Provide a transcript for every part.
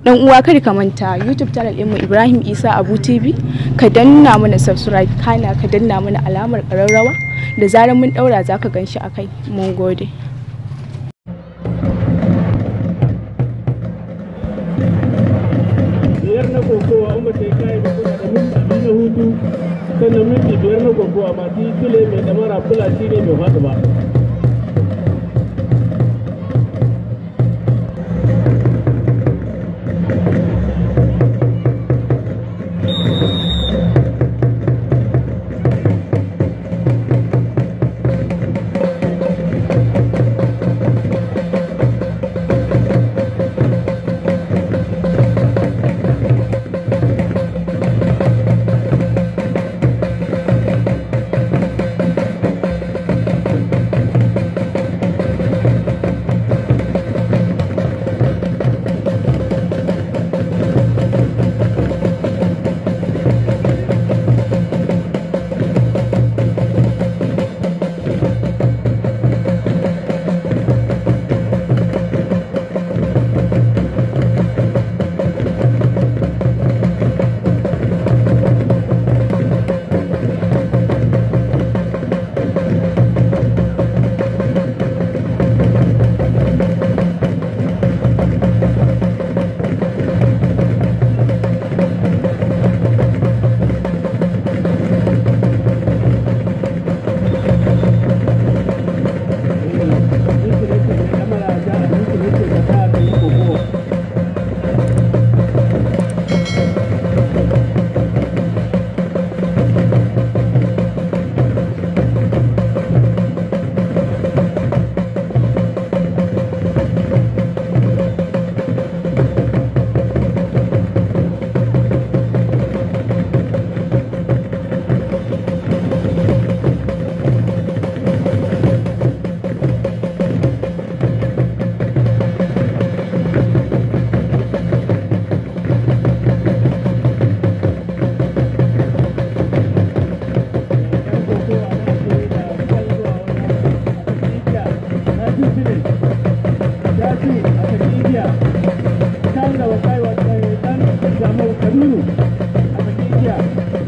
dan uwa kada ka manta youtube channel mu ibrahim isa abu tv ka danna mana subscribe kana ka danna mana alamar kararrawa da zarar mun daura za ka ganshi a kai mun gode biyar na kokowa in ba hutu sannan minti biyar na kokowa ba titile mai damara fulaci ne mai faɗi ba Thank you.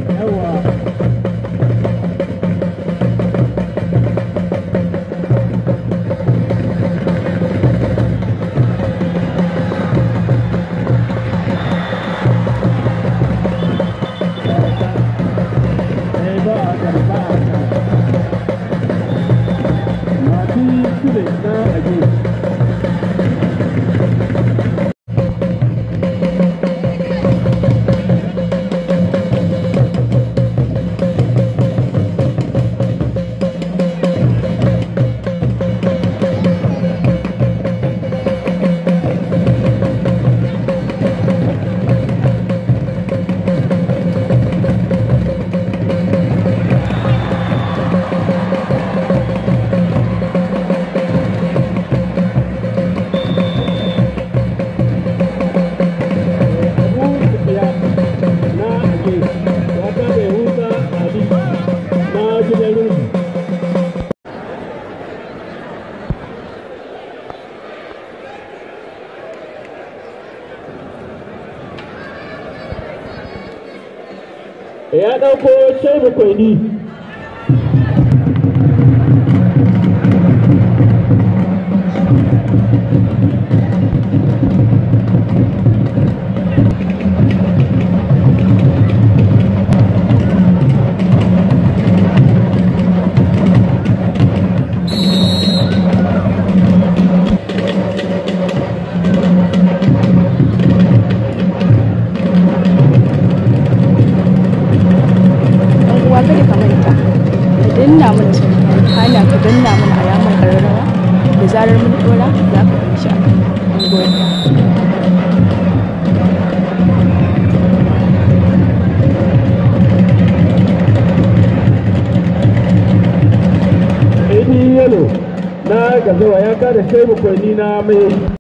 ya ɗauko shaibu kwaini danna min hanya ka danna min alamar ƙararrawa da zarar mun ɗora za ka yi shi a yalo na gazawa ya kada shaibu kwanina mai